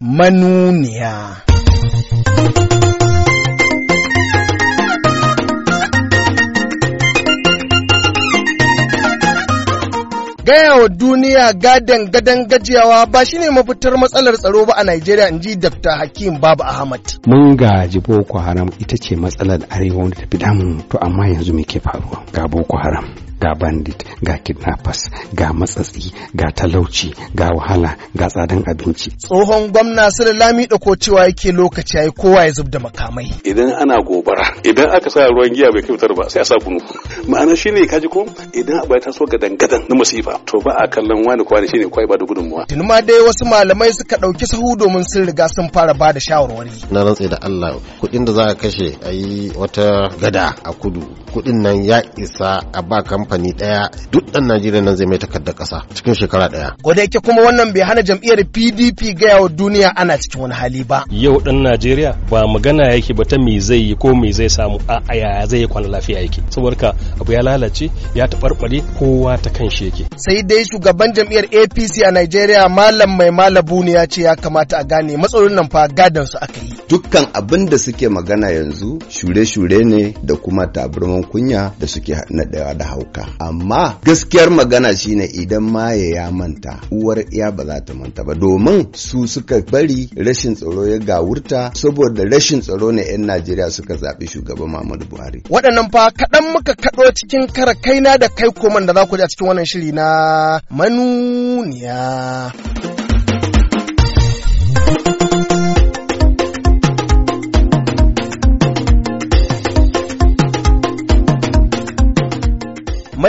manuniya. gaya wa duniya gadon gadon gajiyawa ba shi ne mafitar matsalar tsaro ba a Najeriya in ji Dr. Hakim Babu Ahmad. Mun gaji Boko Haram ita ce matsalar arewa wanda ta fi damun to amma yanzu muke ke faruwa ga Boko Haram. ga bandit ga kidnappers ga matsatsi ga talauci ga wahala ga tsadan abinci tsohon gwamna sule lami ko cewa yake lokaci yi kowa ya zubda da makamai idan ana gobara idan aka sa ruwan giya bai kyautar ba sai a sa kunu ma'ana shine kaji ko idan abu ya taso ga dangadan na masifa to ba a kallon wani kwani shine kwai ba da gudunmuwa tun ma dai wasu malamai suka dauki sahu domin sun riga sun fara ba da shawarwari na rantse da Allah kuɗin da za a kashe ayi wata gada a kudu kuɗin nan ya isa a ba kamfani kamfani ɗaya duk dan Najeriya nan zai mai takardar kasa cikin shekara daya ko yake kuma wannan bai hana jam'iyyar PDP gaya wa duniya ana cikin wani hali ba yau ɗan Najeriya ba magana yake ba ta me zai yi ko me zai samu a aya zai kwana lafiya yake saboda abu ya lalace ya tabarbare kowa ta kan shi yake sai dai shugaban jam'iyyar APC a Najeriya malam mai malabu ne ya ce ya kamata a gane matsalolin nan fa gadan su aka yi dukkan abin da suke magana yanzu shure-shure ne da kuma taburman kunya da suke naɗewa da hauka manta amma gaskiyar magana shine idan maye ya manta uwar iya ba za ta manta ba domin su suka bari rashin tsaro ya gawurta saboda rashin tsaro ne 'yan Najeriya suka zaɓi shugaban Muhammadu Buhari. Waɗannan fa kaɗan muka kaɗo cikin kara kaina da kai koman da za ku ji a cikin wannan shiri na manuniya.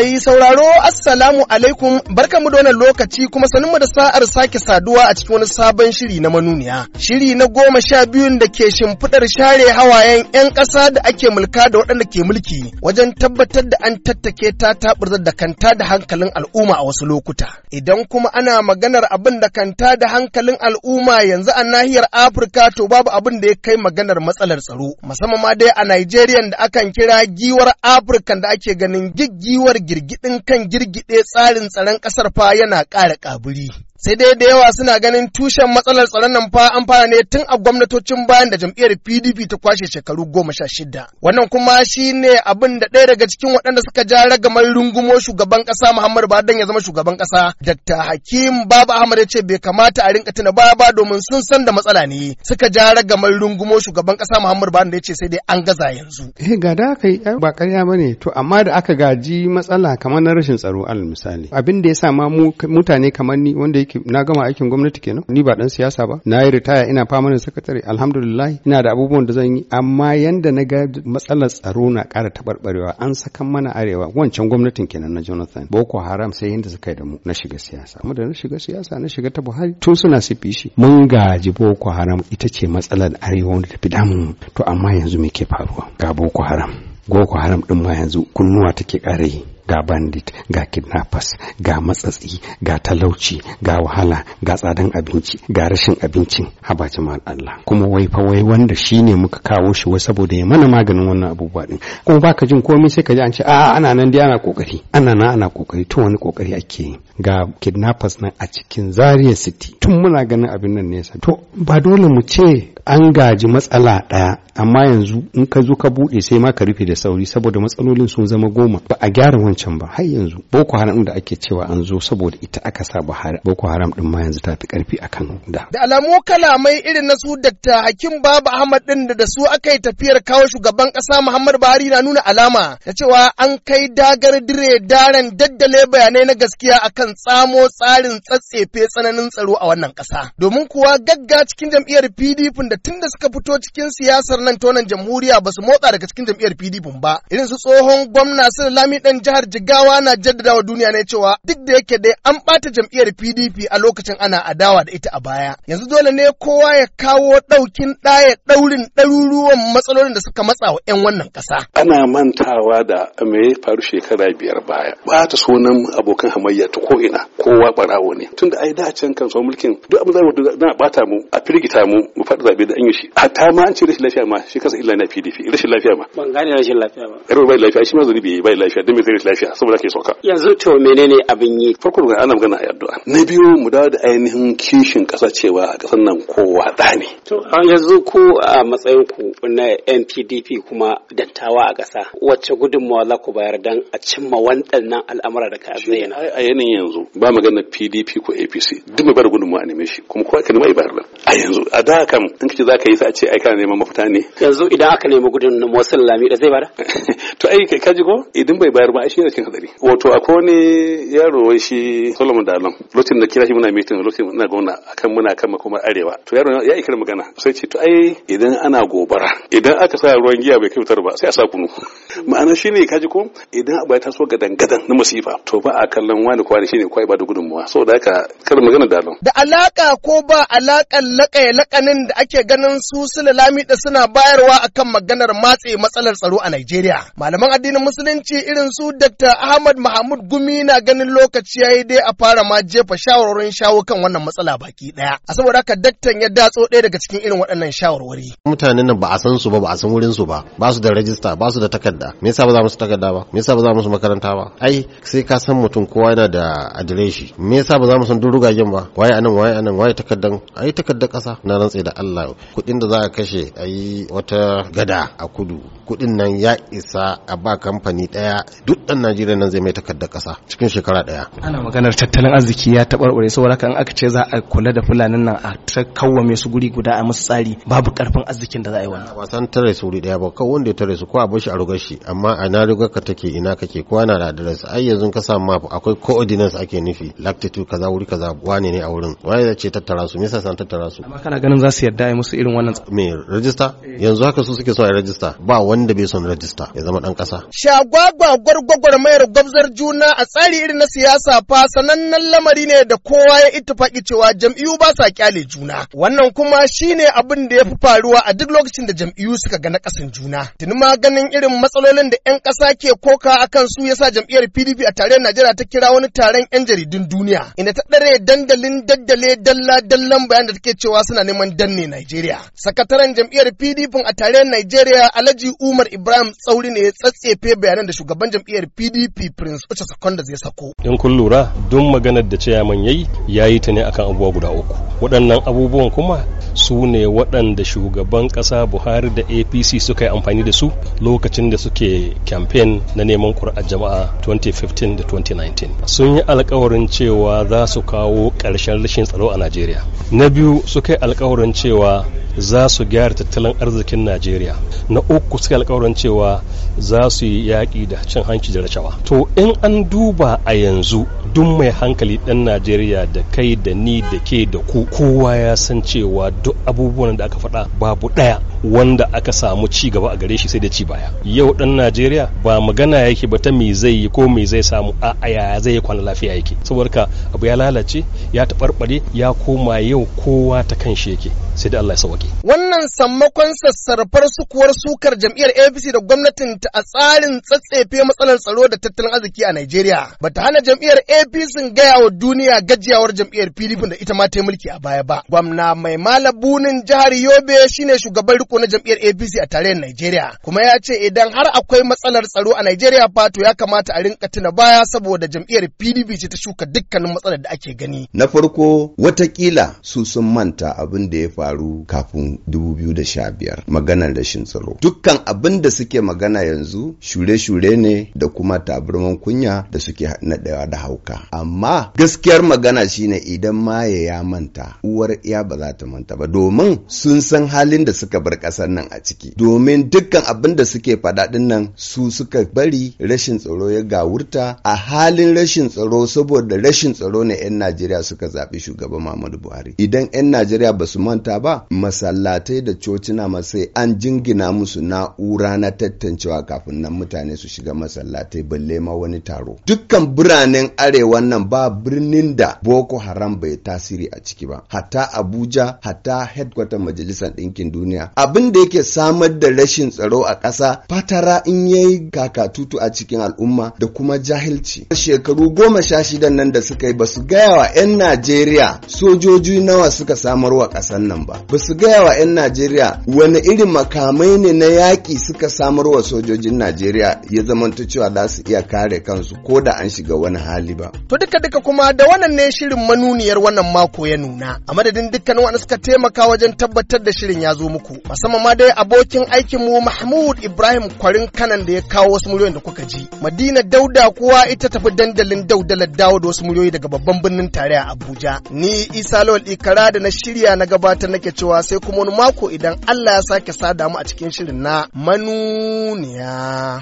Mai sauraro Assalamu alaikum barkamu da wannan lokaci kuma sanin mu da sa'ar sake saduwa a cikin wani sabon shiri na manuniya. Shiri na goma sha biyun da ke shimfiɗar share hawayen 'yan ƙasa da ake mulka da waɗanda ke mulki wajen tabbatar da an tattake ta taɓurzar da kanta da hankalin al'umma a wasu lokuta. Idan kuma ana maganar abin da kanta da hankalin al'umma yanzu a nahiyar Afirka to babu abin da ya kai maganar matsalar tsaro musamman ma dai a Najeriya da akan kira giwar Afirka da ake ganin giggiwar girgidin kan girgide tsarin tsaron ƙasar fa yana ƙara ƙaburi. sai dai da yawa suna ganin tushen matsalar tsaron nan fa an fara ne tun a gwamnatocin bayan da jam'iyyar PDP ta kwashe shekaru goma sha shida. Wannan kuma shi ne abin da ɗaya daga cikin waɗanda suka ja ragamar rungumo shugaban ƙasa Muhammadu Buhari ya zama shugaban ƙasa. Dr. Hakim Baba Ahmad ya ce bai kamata a rinka tuna baya ba domin sun san da matsala ne. Suka ja ragamar rungumo shugaban ƙasa Muhammadu Buhari ya ce sai dai an gaza yanzu. Eh ga da aka yi ba ƙarya ba ne to amma da aka gaji matsala kamar na rashin tsaro alal misali. Abin da ya sa ma mutane kamar ni wanda aiki na gama aikin gwamnati kenan ni ba dan siyasa ba na yi ritaya ina famanin sakatare alhamdulillah ina da abubuwan da zan yi amma yanda na ga matsalar tsaro na ƙara taɓarɓarewa an sakan mana arewa wancan gwamnatin kenan na Jonathan Boko Haram sai yanda suka yi da mu na shiga siyasa mu da na shiga siyasa na shiga ta Buhari tun suna sifi shi mun gaji Boko Haram ita ce matsalar arewa wanda ta fi damun to amma yanzu me ke faruwa ga Boko Haram Boko Haram ɗin ma yanzu kunnuwa take ƙara yi ga bandit ga kidnappers ga matsatsi ga talauci ga wahala ga tsadan abinci ga rashin abincin haba jama'ar Allah kuma wai fa wai wanda shine muka kawo shi wai saboda ya mana maganin wannan abubuwa din kuma baka jin komai sai ka ji an ce a ana nan dai ana kokari ana nan ana kokari to wani kokari ake yi ga kidnappers nan a cikin Zaria City tun muna ganin abin nan ne nesa to ba dole mu ce an gaji matsala ɗaya amma yanzu in ka zo ka buɗe sai ma ka rufe da sauri saboda matsalolin sun zama goma ba a gyara wancan lokacin ba har yanzu boko haram da ake cewa an zo saboda ita aka sa buhari boko haram din ma yanzu ta fi karfi akan da da alamu kalamai irin na su dr hakim baba ahmad din da su aka yi tafiyar kawo shugaban kasa muhammad buhari na nuna alama da cewa an kai dagar dire daren daddale bayanai na gaskiya akan tsamo tsarin tsatsefe tsananin tsaro a wannan kasa domin kuwa gagga cikin jam'iyyar pdp da tunda suka fito cikin siyasar nan tonan jamhuriya ba su motsa daga cikin jam'iyyar pdp ba irin su tsohon gwamna sun lami dan jihar Jigawa na jaddada wa duniya ne cewa duk da yake dai an bata jam'iyyar PDP a lokacin ana adawa da ita a baya. Yanzu dole ne kowa ya kawo ɗaukin ɗaya ɗaurin ɗaruruwan matsalolin da suka matsa wa 'yan wannan ƙasa. Ana mantawa da me ya faru shekara biyar baya. Ɓata sunan abokan hamayya ta ina, kowa barawo ne. Tunda ai da can kan mulkin duk abin da za a bata mu a firgita mu mu faɗi zaɓe da an yi shi. Hatta ma an ce rashin lafiya ma shi kansa illa na PDP rashin lafiya ma. Ban gane rashin lafiya ba. Yarwa bai lafiya shi ma zuri bai lafiya don me zai lafiya. lafiya saboda ke sauka yanzu to menene abin yi farko ga ana magana a addu'a na biyu mu dawo da ainihin kishin kasa cewa a kasar nan kowa da ne to yanzu ku a matsayin ku na NPDP kuma dattawa a kasa wacce gudunmawa za ku bayar dan a cimma waɗannan al'amura da ka zayyana a yanayin yanzu ba magana PDP ko APC duk mai bayar gudunmawa ne shi kuma kowa ka nema bayar a yanzu a da kam in kace za ka yi sai a ce ai kana neman mafita ne yanzu idan aka nemi gudunmawa sallami da zai bada to ai kaji ko idan bai bayar ba shi shi cikin hadari wato akwai wani yaro wai shi Solomon dalam lokacin da kira shi muna mitin lokacin muna gwamna akan muna kan kuma arewa to yaro ya ikira magana sai ce to ai idan ana gobara idan aka sa ruwan giya bai kai ba sai a sa kunu ma'ana shine kaji ko idan abu ya taso gadan gadan na musifa to ba a kallon wani kwani shine kwai ba da gudunmuwa saboda haka kar magana dalam da alaka ko ba alakan lakaye lakanin da ake ganin su sulalami da suna bayarwa akan maganar matse matsalar tsaro a Najeriya malaman addinin musulunci irin su da Dr. Ahmad Mahmud Gumi na ganin lokaci ya yi dai a fara ma jefa shawarwarin shawo kan wannan matsala baki daya. A saboda haka daktan ya datso ɗaya daga cikin irin waɗannan shawarwari. Mutanen nan ba a san su ba ba a san wurin su ba ba su da rajista ba su da takarda me yasa ba za mu su takarda ba me yasa ba za mu su makaranta ba ai sai ka san mutum kowa yana da adireshi me yasa ba za mu san durugagen ba waye anan waye anan waye takardan ai takardar kasa na rantse da Allah kuɗin da za ka kashe ai wata gada a kudu kuɗin nan ya isa a ba kamfani daya duk Najeriya nan zai mai takardar ƙasa cikin shekara ɗaya. Ana maganar tattalin arziki ya taɓarɓare saboda kan aka ce za a kula da fulanin nan a ta kawwame su guri guda a musu tsari babu ƙarfin arzikin da za a yi wannan. Ba san tare su wuri ɗaya ba kawai wanda ya tare su ko a bashi a rugar shi amma a na rugar ka take ina kake ko ana da address ai yanzu ka sa map akwai coordinates ake nufi latitude kaza wuri kaza wane ne a wurin wani zai ce tattara su me yasa san tattara su. Amma kana ganin za su yarda a musu irin wannan. Me rajista yanzu haka su suke so a rajista ba wanda bai son rajista ya zama ɗan ƙasa. Shagwagwagwar mayar gwabzar juna a tsari irin na siyasa fa sanannen lamari ne da kowa ya ittifaki cewa jam'iyyu ba sa kyale juna. Wannan kuma shine abin da ya fi faruwa a duk lokacin da jam'iyyu suka ga ƙasan juna. Tuni ma ganin irin matsalolin da 'yan ƙasa ke koka a kan su yasa jam'iyyar PDP a tarayyar Najeriya ta kira wani taron 'yan jaridun duniya. Inda ta ɗare dandalin daddale dalla dallan bayan da take cewa suna neman danne Najeriya. Sakataren jam'iyyar PDP a na Najeriya Alhaji Umar Ibrahim Tsauri ne ya tsatsefe bayanan da shugaban jam'iyyar pdp prince Ocha Sakonda zai sako in kun lura don maganar da ciyaman yayi yi ta ne akan abubuwa guda uku waɗannan abubuwan kuma su ne waɗanda shugaban ƙasa buhari da apc suka yi amfani da su lokacin da suke campaign na neman ƙuri'ar jama'a 2015 da 2019 sun yi alkawarin cewa za su kawo ƙarshen rashin tsaro a najeriya na biyu suka yi alkawarin cewa za su gyara tattalin arzikin najeriya na uku suka alkawarin cewa za su yi yaƙi da cin hanci da rashawa to in an duba a yanzu duk mai hankali ɗan najeriya da kai da ni da ke da ku kowa ya san cewa duk abubuwan da aka faɗa babu ɗaya wanda aka samu ci gaba a gare shi sai da ci baya yau dan najeriya ba magana yake ba ta me zai yi ko me zai samu a yaya zai yi kwana lafiya yake saboda ka abu ya lalace ya taɓarɓare ya koma yau kowa ta kan shi yake sai da Allah ya sauke wannan sammakon sassarfar sukuwar sukar jam'iyyar APC da gwamnatin ta a tsarin tsatsefe matsalar tsaro da tattalin arziki a Najeriya Ba ta hana jam'iyyar APC gaya wa duniya gajiyawar jam'iyyar PDP da ita ma ta mulki a baya ba gwamna mai malabunin jihar Yobe shine shugaban riko na jam'iyyar APC a tarayyar Najeriya kuma ya ce idan har akwai matsalar tsaro a Najeriya fa to ya kamata a rinka tuna baya saboda jam'iyyar PDP ce ta shuka dukkanin matsalar da ake gani. Na farko watakila su sun manta abin da ya faru kafin 2015 maganar rashin tsaro. Dukkan abin da suke magana yanzu shure-shure ne da kuma tabarman kunya da suke naɗewa da hauka. Amma gaskiyar magana shine idan maye ya manta uwar iya ba za ta manta ba domin sun san halin da suka bar ƙasar nan a ciki domin dukkan abin da suke faɗa nan su suka bari rashin tsaro ya gawurta a halin rashin tsaro saboda rashin tsaro ne 'yan Najeriya suka zaɓi shugaban Muhammadu Buhari idan 'yan Najeriya ba su manta ba masallatai da cocina ma sai an jingina musu na'ura na tattancewa kafin nan mutane su shiga masallatai balle ma wani taro dukkan biranen arewa nan ba birnin da Boko Haram bai tasiri a ciki ba hatta Abuja hatta headquarter majalisar ɗinkin duniya abin da yake samar da rashin tsaro a ƙasa fatara in yayi kakatutu a cikin al'umma da kuma jahilci shekaru goma sha shida nan da suka yi ba su gaya wa 'yan najeriya sojoji nawa suka samar wa ƙasar nan ba ba su gaya wa 'yan najeriya wani irin makamai ne na yaƙi suka samar wa sojojin najeriya ya zamanta cewa za su iya kare kansu ko da an shiga wani hali ba to duka duka kuma da wannan ne shirin manuniyar wannan mako ya nuna a madadin dukkan wanda suka taimaka wajen tabbatar da shirin ya zo muku Sama ma dai abokin aikin mu Mahmud Ibrahim Kwarin Kanan da ya kawo wasu muryoyin da kuka ji. Madina Dauda kuwa ita tafi dandalin daudalar dawo da wasu muryoyi daga babban birnin tarayya Abuja. Ni Isa Lawal Ikara da na shirya na gabatar nake cewa sai kuma wani mako idan Allah ya sake sada mu a cikin shirin na manuniya.